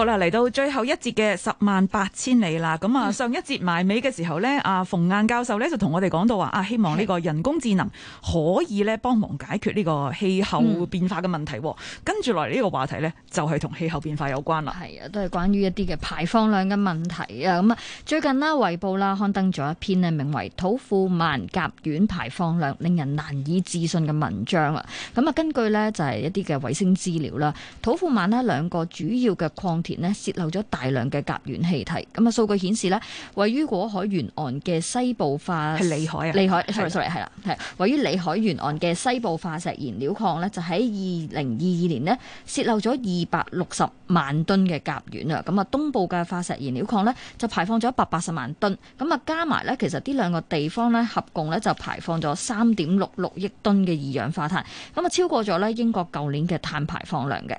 好啦，嚟到最後一節嘅十萬八千里啦。咁啊，上一節埋尾嘅時候呢，啊，馮雁教授呢就同我哋講到話啊，希望呢個人工智能可以呢幫忙解決呢個氣候變化嘅問題。跟住落嚟呢個話題呢，就係同氣候變化有關啦。係啊，都係關於一啲嘅排放量嘅問題啊。咁啊，最近啦，《衛報》啦刊登咗一篇呢，名為《土庫曼甲烷排放量令人難以置信》嘅文章啊。咁啊，根據呢，就係一啲嘅衛星資料啦，土庫曼呢兩個主要嘅礦咧泄漏咗大量嘅甲烷氣體。咁啊數據顯示呢，位於果海沿岸嘅西部化係裏海啊，裏海，sorry sorry，係啦的，係位於裏海沿岸嘅西部化石燃料礦呢，就喺二零二二年咧泄漏咗二百六十萬噸嘅甲烷啊，咁啊東部嘅化石燃料礦呢就排放咗一百八十萬噸。咁啊加埋呢，其實呢兩個地方呢，合共呢，就排放咗三點六六億噸嘅二氧化碳，咁啊超過咗呢英國舊年嘅碳排放量嘅。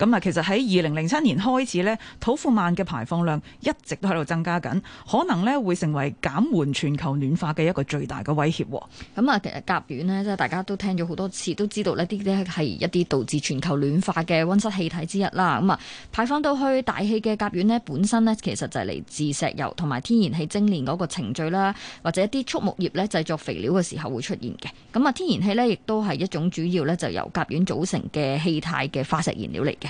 咁啊，其實喺二零零七年開始咧，土庫曼嘅排放量一直都喺度增加緊，可能咧會成為減緩全球暖化嘅一個最大嘅威脅。咁啊，其實甲烷咧，即係大家都聽咗好多次，都知道咧啲咧係一啲導致全球暖化嘅溫室氣體之一啦。咁啊，排放到去大氣嘅甲烷咧，本身咧其實就係嚟自石油同埋天然氣精煉嗰個程序啦，或者一啲畜牧業咧製作肥料嘅時候會出現嘅。咁啊，天然氣咧亦都係一種主要咧就由甲烷組成嘅氣態嘅化石燃料嚟嘅。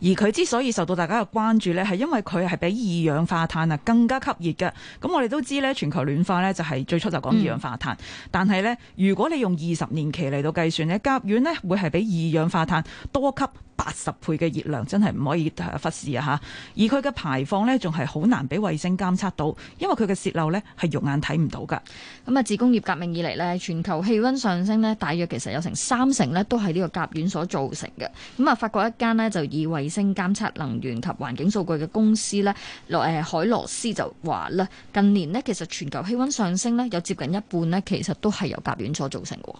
而佢之所以受到大家嘅關注咧，係因為佢係比二氧化碳啊更加吸熱嘅。咁我哋都知咧，全球暖化咧就係最初就講二氧化碳。嗯、但係咧，如果你用二十年期嚟到計算咧，甲烷咧會係比二氧化碳多吸八十倍嘅熱量，真係唔可以忽視啊！吓，而佢嘅排放咧仲係好難俾衛星監測到，因為佢嘅泄漏咧係肉眼睇唔到噶，咁啊，自工業革命以嚟咧，全球氣溫上升咧，大約其實有成三成咧都係呢個甲烷所造成嘅。咁啊，法國一間咧就以為。衛星監測能源及環境數據嘅公司咧，羅誒海螺斯就話啦，近年咧其實全球氣溫上升咧，有接近一半咧，其實都係由甲烷所造成嘅。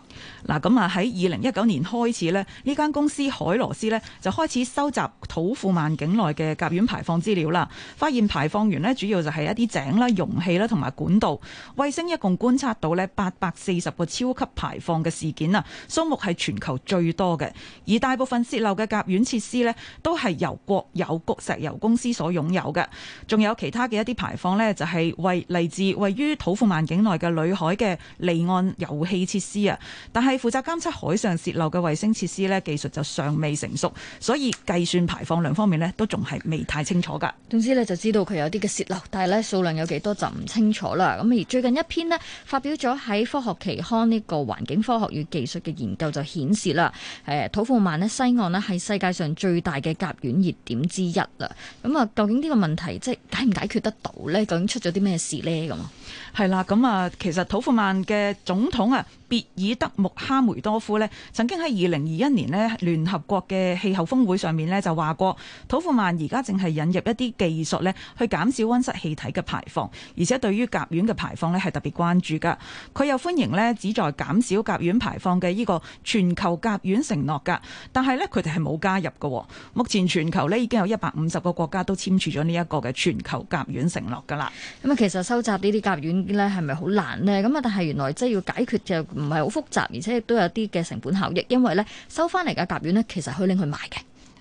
嗱，咁啊喺二零一九年開始咧，呢間公司海螺斯咧就開始收集土庫曼境內嘅甲烷排放資料啦。發現排放源咧主要就係一啲井啦、容器啦同埋管道。衛星一共觀察到咧八百四十個超級排放嘅事件啊，數目係全球最多嘅，而大部分洩漏嘅甲烷設施咧都。係由國有局石油公司所擁有嘅，仲有其他嘅一啲排放呢，就係位嚟自位於土庫曼境內嘅裏海嘅離岸油氣設施啊。但係負責監測海上泄漏嘅衛星設施呢，技術就尚未成熟，所以計算排放量方面呢，都仲係未太清楚噶。總之你就知道佢有啲嘅泄漏，但係呢，數量有幾多就唔清楚啦。咁而最近一篇呢，發表咗喺《科學期刊》呢個環境科學與技術嘅研究就顯示啦，誒土庫曼呢西岸呢，係世界上最大嘅法院熱點之一啦，咁啊，究竟呢個問題即係解唔解決得到咧？究竟出咗啲咩事咧？咁啊？係啦，咁啊，其實土庫曼嘅總統啊，別爾德穆哈梅多夫呢，曾經喺二零二一年呢聯合國嘅氣候峰會上面呢，就話過，土庫曼而家淨係引入一啲技術呢，去減少溫室氣體嘅排放，而且對於甲烷嘅排放呢，係特別關注噶。佢又歡迎呢，旨在減少甲烷排放嘅呢個全球甲烷承諾噶，但係呢，佢哋係冇加入噶。目前全球呢，已經有一百五十個國家都簽署咗呢一個嘅全球甲烷承諾噶啦。咁啊，其實收集呢啲甲烷咧係咪好難咧？咁啊，但係原來即係要解決就唔係好複雜，而且亦都有啲嘅成本效益，因為咧收翻嚟嘅甲烷咧，其實可以拎去賣嘅。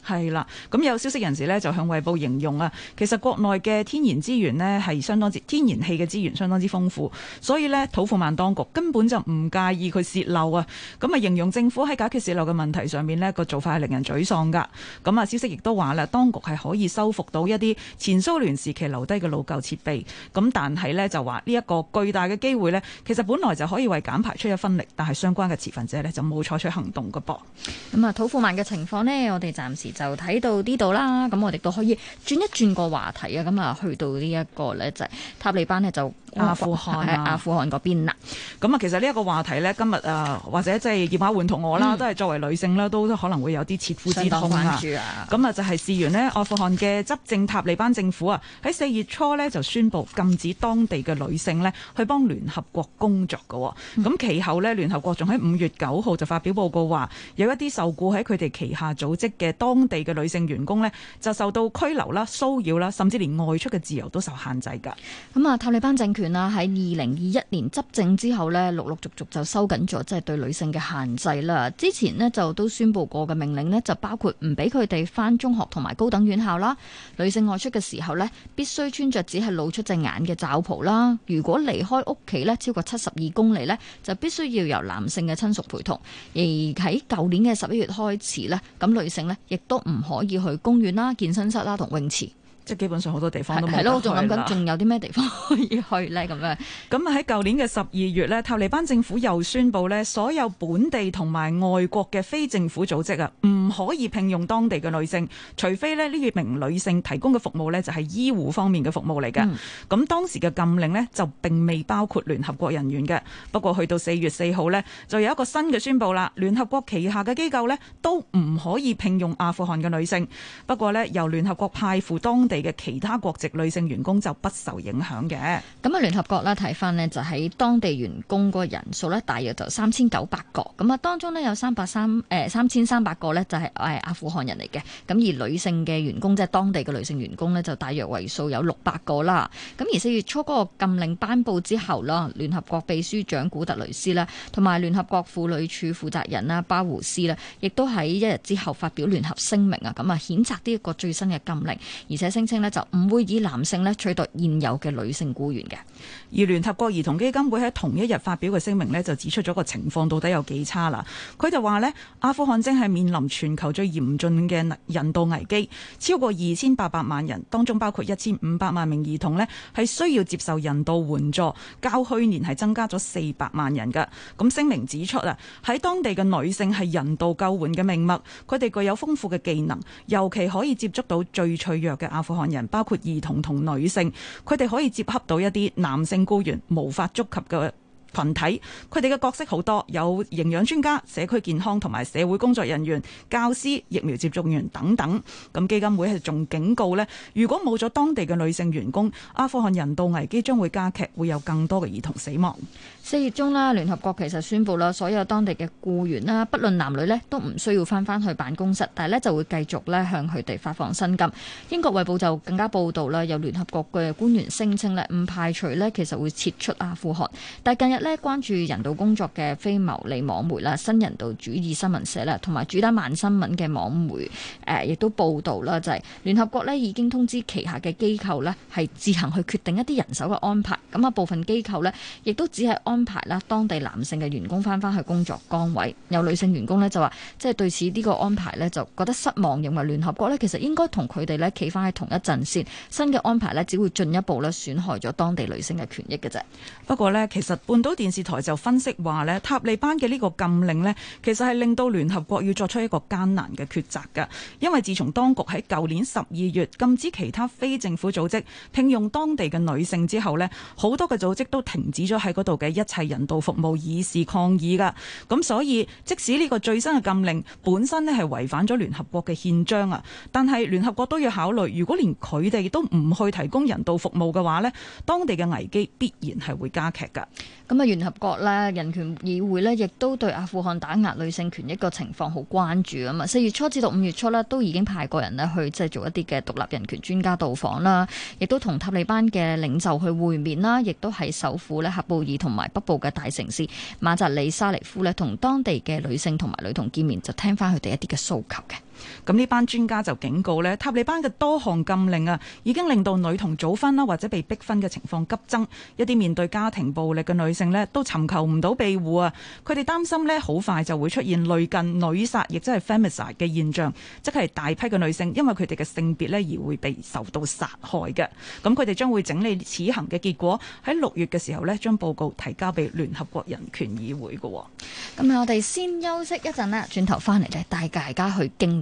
係啦，咁有消息人士呢就向《衞報》形容啊，其實國內嘅天然資源呢係相當之天然氣嘅資源相當之豐富，所以呢，土庫曼當局根本就唔介意佢洩漏啊。咁啊，形容政府喺解決洩漏嘅問題上面呢個做法係令人沮喪㗎。咁啊，消息亦都話啦，當局係可以修復到一啲前蘇聯時期留低嘅老舊設備，咁但係呢，就話呢一個巨大嘅機會呢，其實本來就可以為減排出一分力，但係相關嘅持份者呢就冇採取行動嘅噃。咁啊，土庫曼嘅情況呢，我哋暫時，就睇到呢度啦，咁我哋都可以轉一轉個話題啊！咁啊，去到呢、這、一個咧，就是、塔利班咧就阿富汗、啊、阿富汗嗰邊啦。咁啊，其實呢一個話題咧，今日啊，或者即係葉阿換同我啦，嗯、都係作為女性啦，都可能會有啲切膚之痛，相當關注啊。咁啊，就係事緣咧，阿富汗嘅執政塔利班政府啊，喺四月初咧就宣布禁止當地嘅女性咧去幫聯合國工作嘅。咁、嗯、其後咧，聯合國仲喺五月九號就發表報告話有一啲受僱喺佢哋旗下組織嘅當地地嘅女性員工呢，就受到拘留啦、騷擾啦，甚至連外出嘅自由都受限制噶。咁啊，塔利班政權啦，喺二零二一年執政之後呢，陸陸續續就收緊咗即係對女性嘅限制啦。之前呢，就都宣佈過嘅命令呢，就包括唔俾佢哋返中學同埋高等院校啦。女性外出嘅時候呢，必須穿着只係露出隻眼嘅罩袍啦。如果離開屋企呢，超過七十二公里呢，就必須要由男性嘅親屬陪同。而喺舊年嘅十一月開始呢，咁女性呢亦都唔可以去公園啦、健身室啦、同泳池。即係基本上好多地方都冇得去啦。係咯，我仲諗緊仲有啲咩地方可以去咧？咁樣咁啊，喺舊年嘅十二月咧，塔利班政府又宣布咧，所有本地同埋外國嘅非政府組織啊，唔可以聘用當地嘅女性，除非咧呢一名女性提供嘅服務咧就係醫護方面嘅服務嚟嘅。咁、嗯、當時嘅禁令咧就並未包括聯合國人員嘅。不過去到四月四號咧，就有一個新嘅宣布啦，聯合國旗下嘅機構咧都唔可以聘用阿富汗嘅女性。不過咧由聯合國派赴當地。嘅其他國籍女性員工就不受影響嘅。咁啊，聯合國咧睇翻呢，就喺當地員工嗰人數呢，大約就三千九百個。咁啊，當中呢、欸，有三百三誒三千三百個呢，就係誒阿富汗人嚟嘅。咁而女性嘅員工即係、就是、當地嘅女性員工呢，就大約為數有六百個啦。咁而四月初嗰個禁令頒布之後啦，聯合國秘書長古特雷斯啦，同埋聯合國婦女處負責人啦巴胡斯呢，亦都喺一日之後發表聯合聲明啊，咁啊譴責呢一個最新嘅禁令，而且聲。稱呢就唔會以男性咧取代現有嘅女性僱員嘅。而聯合國兒童基金會喺同一日發表嘅聲明呢，就指出咗個情況到底有幾差啦。佢就話呢，阿富汗正係面臨全球最嚴峻嘅人道危機，超過二千八百萬人，當中包括一千五百萬名兒童呢係需要接受人道援助，較去年係增加咗四百萬人噶。咁聲明指出啊，喺當地嘅女性係人道救援嘅命脈，佢哋具有豐富嘅技能，尤其可以接觸到最脆弱嘅阿富汗。韓人包括兒童同女性，佢哋可以接洽到一啲男性僱員無法觸及嘅。群體佢哋嘅角色好多，有營養專家、社區健康同埋社會工作人員、教師、疫苗接種員等等。咁基金會係仲警告咧，如果冇咗當地嘅女性員工，阿富汗人道危機將會加劇，會有更多嘅兒童死亡。四月中啦聯合國其實宣布啦，所有當地嘅僱員啦，不論男女咧，都唔需要翻返去辦公室，但係咧就會繼續咧向佢哋發放薪金。英國衛報就更加報道啦，有聯合國嘅官員聲稱咧，唔排除咧其實會撤出阿富汗，但係近日。咧關注人道工作嘅非牟利網媒啦，新人道主義新聞社啦，同埋主打慢新聞嘅網媒誒，亦、呃、都報導啦，就係、是、聯合國咧已經通知旗下嘅機構呢係自行去決定一啲人手嘅安排。咁啊，部分機構呢亦都只係安排啦當地男性嘅員工翻返去工作崗位。有女性員工呢，就話，即係對此呢個安排呢，就覺得失望，認為聯合國呢其實應該同佢哋呢企翻喺同一陣線。新嘅安排呢，只會進一步呢損害咗當地女性嘅權益嘅啫。不過呢，其實電電視台就分析話呢，塔利班嘅呢個禁令呢，其實係令到聯合國要作出一個艱難嘅抉擇㗎。因為自從當局喺舊年十二月禁止其他非政府組織聘用當地嘅女性之後呢，好多嘅組織都停止咗喺嗰度嘅一切人道服務，以示抗議㗎。咁所以，即使呢個最新嘅禁令本身呢係違反咗聯合國嘅憲章啊，但係聯合國都要考慮，如果連佢哋都唔去提供人道服務嘅話呢，當地嘅危機必然係會加劇㗎。咁咁啊，聯合國咧，人權議會咧，亦都對阿富汗打壓女性權益個情況好關注啊嘛。四月初至到五月初咧，都已經派過人咧去製造，一啲嘅獨立人權專家到訪啦，亦都同塔利班嘅領袖去會面啦，亦都係首府咧，喀布爾同埋北部嘅大城市馬扎里沙尼夫咧，同當地嘅女性同埋女童見面，就聽翻佢哋一啲嘅訴求嘅。咁呢班專家就警告呢，塔利班嘅多項禁令啊，已經令到女童早婚啦，或者被逼婚嘅情況急增，一啲面對家庭暴力嘅女性呢，都尋求唔到庇護啊！佢哋擔心呢，好快就會出現類近女殺，亦即係 femicide 嘅現象，即係大批嘅女性因為佢哋嘅性別呢而會被受到殺害嘅。咁佢哋將會整理此行嘅結果，喺六月嘅時候呢，將報告提交俾聯合國人權議會嘅。咁啊，我哋先休息一陣啦，轉頭翻嚟呢，帶大家去經。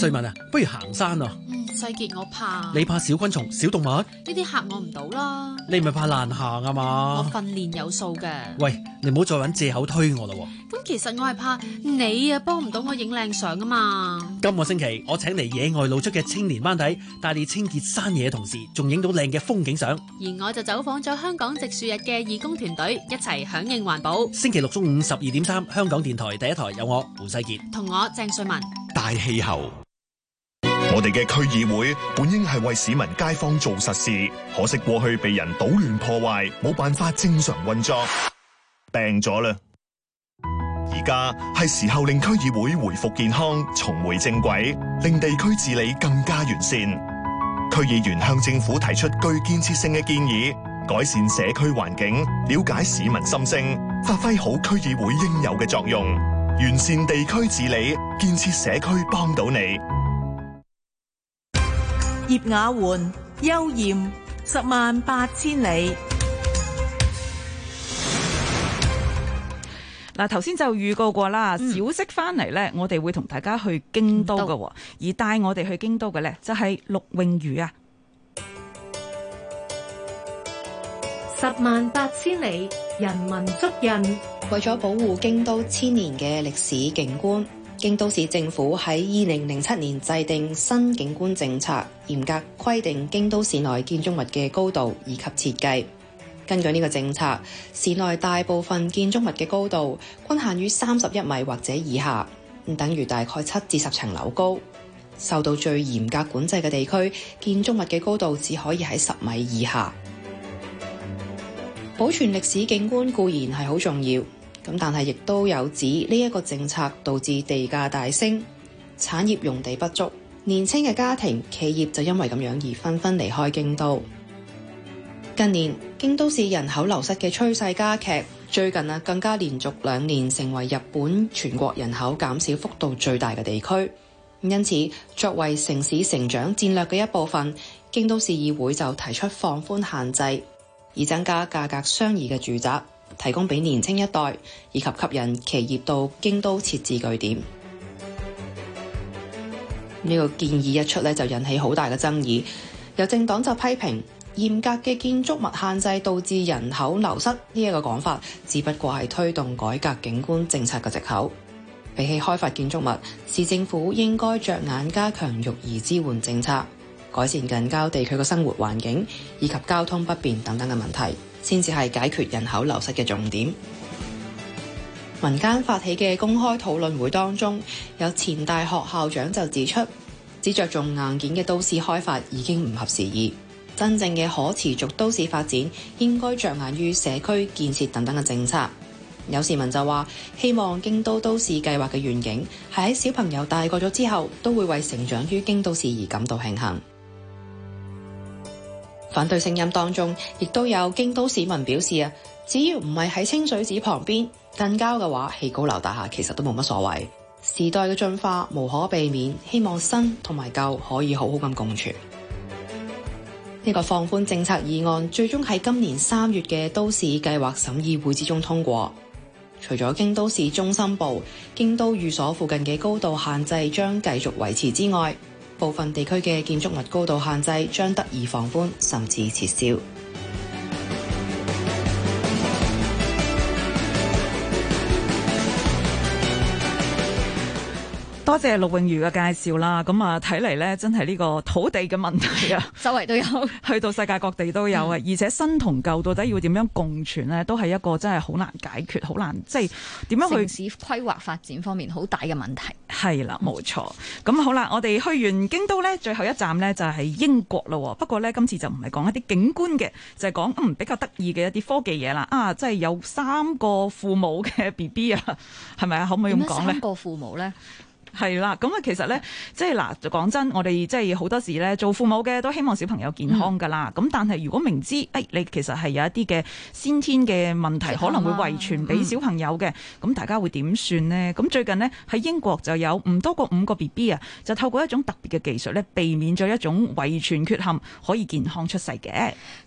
瑞文啊，不如行山啊！嗯、世杰，我怕你怕小昆蟲、小動物呢啲吓我唔到啦。你唔係怕難行啊嘛？我訓練有素嘅。喂，你唔好再搵借口推我啦。咁其實我係怕你幫啊，幫唔到我影靚相啊嘛。今個星期我請嚟野外露出嘅青年班底，帶你清潔山野嘅同時，仲影到靚嘅風景相。而我就走訪咗香港植樹日嘅義工團隊，一齊響應環保。星期六中午十二點三，香港電台第一台有我胡世杰同我鄭瑞文。大氣候，我哋嘅區議會本應係為市民街坊做實事，可惜過去被人搗亂破壞，冇辦法正常運作，病咗啦。而家係時候令區議會回復健康，重回正軌，令地區治理更加完善。區議員向政府提出具建設性嘅建議，改善社區環境，了解市民心聲，發揮好區議會應有嘅作用。完善地區治理，建設社區，幫到你。葉雅媛、邱艷，十萬八千里。嗱，頭先就預告過啦，小、嗯、息翻嚟咧，我哋會同大家去京都噶，嗯、而帶我哋去京都嘅咧，就係陸穎瑜啊。十萬八千里，人文足印。為咗保護京都千年嘅歷史景觀，京都市政府喺二零零七年制定新景觀政策，嚴格規定京都市內建築物嘅高度以及設計。根據呢個政策，市內大部分建築物嘅高度均限於三十一米或者以下，唔等於大概七至十層樓高。受到最嚴格管制嘅地區，建築物嘅高度只可以喺十米以下。保存歷史景觀固然係好重要，咁但係亦都有指呢一個政策導致地價大升、產業用地不足，年輕嘅家庭、企業就因為咁樣而紛紛離開京都。近年，京都市人口流失嘅趨勢加劇，最近啊更加連續兩年成為日本全國人口減少幅度最大嘅地區。因此，作為城市成長戰略嘅一部分，京都市議會就提出放寬限制。以增加價格相宜嘅住宅，提供俾年青一代，以及吸引企業到京都設置據點。呢個建議一出咧，就引起好大嘅爭議。有政黨就批評嚴格嘅建築物限制導致人口流失呢一個講法，只不過係推動改革景觀政策嘅藉口。比起開發建築物，市政府應該着眼加強育兒支援政策。改善近郊地區嘅生活環境以及交通不便等等嘅問題，先至係解決人口流失嘅重點。民間發起嘅公開討論會當中有前大學校長就指出，只着重硬件嘅都市開發已經唔合時宜，真正嘅可持續都市發展應該着眼於社區建設等等嘅政策。有市民就話：希望京都都市計劃嘅願景係喺小朋友大個咗之後，都會為成長於京都市而感到慶幸。反對聲音當中，亦都有京都市民表示啊，只要唔係喺清水寺旁邊近郊嘅話，起高樓大廈其實都冇乜所謂。時代嘅進化無可避免，希望新同埋舊可以好好咁共存。呢、這個放寬政策議案最終喺今年三月嘅都市計劃審議會之中通過。除咗京都市中心部、京都御所附近嘅高度限制將繼續維持之外，部分地區嘅建築物高度限制將得以放寬，甚至撤銷。多謝陸穎瑜嘅介紹啦，咁啊睇嚟呢真係呢個土地嘅問題啊，周圍都有，去到世界各地都有啊，嗯、而且新同舊到底要點樣共存呢？都係一個真係好難解決，好難即係點樣去城市規劃發展方面好大嘅問題。係啦，冇錯。咁好啦，我哋去完京都呢，最後一站呢就係英國啦。不過呢，今次就唔係講一啲景觀嘅，就係、是、講嗯比較得意嘅一啲科技嘢啦。啊，即係有三個父母嘅 B B 啊，係咪啊？可唔可以咁講呢？三個父母呢。 係啦，咁啊，其實咧，即係嗱，就講真，我哋即係好多時咧，做父母嘅都希望小朋友健康噶啦。咁、嗯、但係如果明知誒、哎，你其實係有一啲嘅先天嘅問題，啊、可能會遺傳俾小朋友嘅，咁、嗯、大家會點算呢？咁最近呢，喺英國就有唔多過五個 BB 啊，就透過一種特別嘅技術咧，避免咗一種遺傳缺陷，可以健康出世嘅。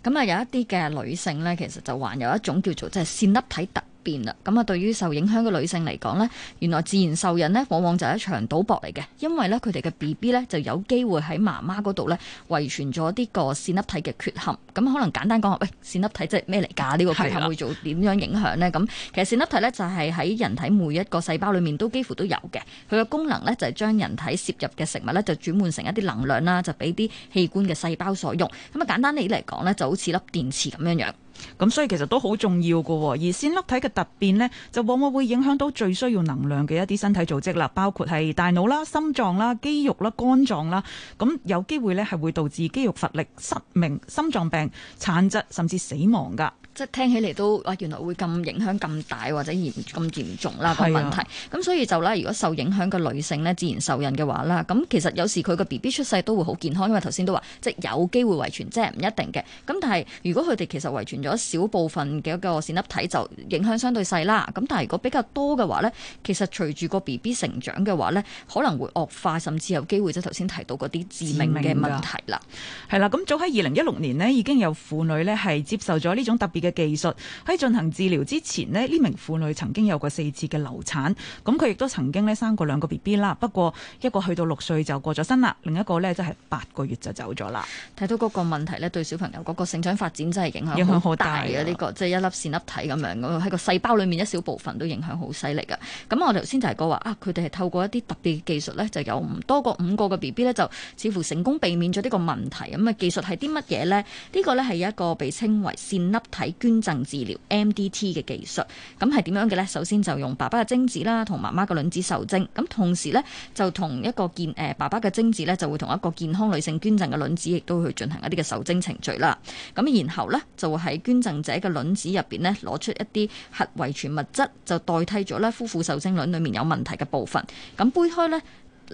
咁啊、嗯，有一啲嘅女性咧，其實就患有一種叫做即係線粒體突。咁啊，對於受影響嘅女性嚟講呢，原來自然受孕呢往往就係一場賭博嚟嘅，因為呢，佢哋嘅 BB 呢就有機會喺媽媽嗰度呢遺傳咗啲個線粒體嘅缺陷。咁可能簡單講下，喂、欸、線粒體即係咩嚟㗎？呢、呢個缺陷會做點樣影響呢？咁的其實線粒體呢就係喺人體每一個細胞裡面都幾乎都有嘅，佢嘅功能呢，就係將人體攝入嘅食物呢，就轉換成一啲能量啦，就俾啲器官嘅細胞所用。咁啊簡單啲嚟講呢，就好似粒電池咁樣樣。咁所以其實都好重要噶喎，而線粒體嘅突變呢，就往往會影響到最需要能量嘅一啲身體組織啦，包括係大腦啦、心臟啦、肌肉啦、肝臟啦。咁有機會呢係會導致肌肉乏力、失明、心臟病、殘疾甚至死亡噶。即係聽起嚟都啊，原來會咁影響咁大或者嚴咁嚴重啦個問題。咁的所以就咧，如果受影響嘅女性咧，自然受孕嘅話啦，咁其實有時佢個 B B 出世都會好健康，因為頭先都話即係有機會遺傳，即係唔一定嘅。咁但係如果佢哋其實遺傳咗少部分嘅一個線粒體，就影響相對細啦。咁但係如果比較多嘅話咧，其實隨住個 B B 成長嘅話咧，可能會惡化，甚至有機會即係頭先提到嗰啲致命嘅問題啦。係啦，咁早喺二零一六年呢，已經有婦女咧係接受咗呢種特別嘅技術喺進行治療之前呢，呢名婦女曾經有過四次嘅流產，咁佢亦都曾經呢生過兩個 B B 啦。不過一個去到六歲就過咗身啦，另一個呢即係八個月就走咗啦。睇到嗰個問題呢，對小朋友嗰個成長發展真係影響影響好大啊！呢個即係一粒線粒體咁樣，喺個細胞裏面一小部分都影響好犀利噶。咁我頭先就係講話啊，佢哋係透過一啲特別嘅技術呢，就有唔多過五個嘅 B B 呢，就似乎成功避免咗呢個問題。咁啊，技術係啲乜嘢呢？呢個呢係一個被稱為線粒體。捐贈治療 MDT 嘅技術，咁係點樣嘅呢？首先就用爸爸嘅精子啦，同媽媽嘅卵子受精。咁同時呢，就同一個健誒爸爸嘅精子呢，就會同一個健康女性捐贈嘅卵子，亦都去進行一啲嘅受精程序啦。咁然後呢，就會喺捐贈者嘅卵子入邊呢，攞出一啲核遺傳物質，就代替咗咧夫婦受精卵裏面有問題嘅部分。咁胚胎呢，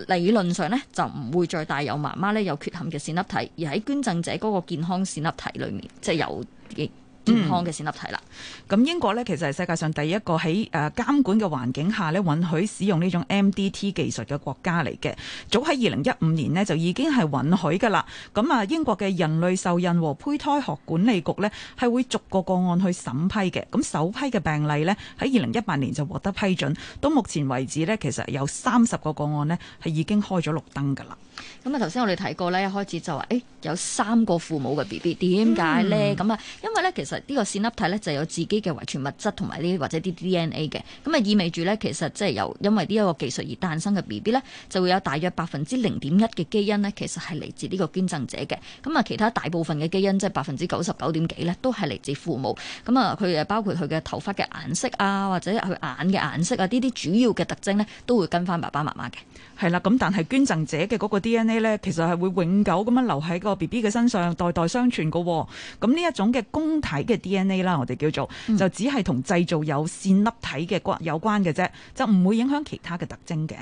理論上呢，就唔會再帶有媽媽呢有缺陷嘅線粒體，而喺捐贈者嗰個健康線粒體裏面即係、就是、有健康嘅線粒體啦。咁、嗯、英國咧，其實係世界上第一個喺誒監管嘅環境下咧，允許使用呢種 M D T 技術嘅國家嚟嘅。早喺二零一五年呢，就已經係允許噶啦。咁啊，英國嘅人類受孕和胚胎學管理局呢，係會逐個個案去審批嘅。咁首批嘅病例呢，喺二零一八年就獲得批准。到目前為止呢，其實有三十個個案呢，係已經開咗綠燈噶啦。咁啊，頭先我哋睇過咧，一開始就話，誒有三個父母嘅 B B 點解咧？咁啊、嗯，因為咧，其實呢個線粒體咧就有自己嘅遺傳物質同埋啲或者啲 D N A 嘅，咁啊意味住咧，其實即係由因為呢一個技術而誕生嘅 B B 咧，就會有大約百分之零點一嘅基因咧，其實係嚟自呢個捐贈者嘅，咁啊其他大部分嘅基因即係百分之九十九點幾咧，都係嚟自父母。咁啊，佢誒包括佢嘅頭髮嘅顏色啊，或者佢眼嘅顏色啊，呢啲主要嘅特徵咧，都會跟翻爸爸媽媽嘅。係啦，咁但係捐贈者嘅嗰、嗰個啲。D.N.A. 咧，其實係會永久咁樣留喺個 B.B. 嘅身上，代代相傳嘅。咁呢一種嘅公體嘅 D.N.A. 啦，我哋叫做就只係同製造有線粒體嘅關有關嘅啫，就唔會影響其他嘅特徵嘅。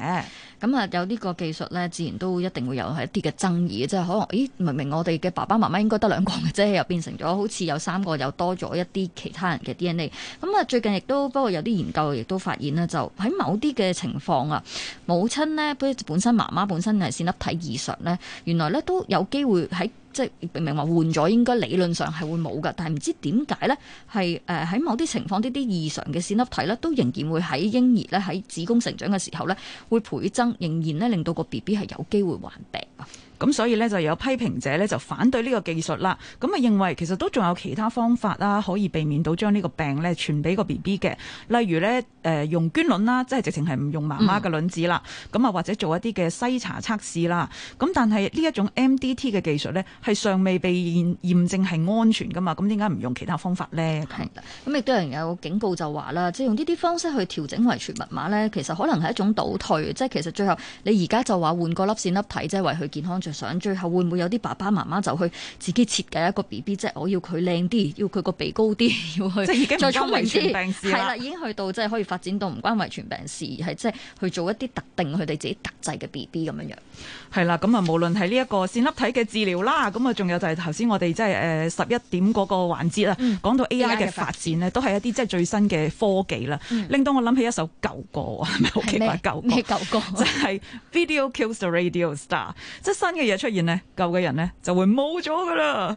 咁啊、嗯，有呢個技術咧，自然都一定會有係一啲嘅爭議，即係可能咦，明明我哋嘅爸爸媽媽應該得兩個嘅啫，又變成咗好似有三個，又多咗一啲其他人嘅 D.N.A. 咁啊、嗯，最近亦都不過有啲研究亦都發現咧，就喺某啲嘅情況啊，母親咧本本身媽媽本身係線粒體。異常咧，原來咧都有機會喺，即係明明話換咗，應該理論上係會冇噶，但係唔知點解咧係誒，喺某啲情況，呢啲異常嘅線粒體咧都仍然會喺嬰兒咧喺子宮成長嘅時候咧會倍增，仍然咧令到個 BB 係有機會患病。咁所以咧就有批評者咧就反對呢個技術啦。咁啊認為其實都仲有其他方法啦，可以避免到將呢個病咧傳俾個 B B 嘅。例如咧、呃、用捐卵啦，即係直情係唔用媽媽嘅卵子啦。咁啊、嗯、或者做一啲嘅篩查測試啦。咁但係呢一種 M D T 嘅技術咧係尚未被驗證係安全㗎嘛。咁點解唔用其他方法咧？係。咁亦都有人有警告就話啦，即係用呢啲方式去調整遺傳密碼咧，其實可能係一種倒退。即係其實最後你而家就話換個粒線粒體即係為佢健康想最後會唔會有啲爸爸媽媽就去自己設計一個 B B 即係，我要佢靚啲，要佢個鼻高啲，要去再聰明啲遺傳病史啦。已經去到即係、就是、可以發展到唔關遺傳病史，而係即係去做一啲特定佢哋自己特製嘅 B B 咁樣樣。係啦，咁啊，無論係呢一個線粒體嘅治療啦，咁啊，仲有就係頭先我哋即係誒十一點嗰個環節啦，講、嗯、到 A I 嘅發展呢，嗯、都係一啲即係最新嘅科技啦，令到、嗯、我諗起一首舊歌啊，係咪好奇怪？係咩？舊歌。咩舊歌？即係、就是、Video Kills the Radio Star， 即係新嘅嘅嘢出現咧，舊嘅人咧就會冇咗噶啦。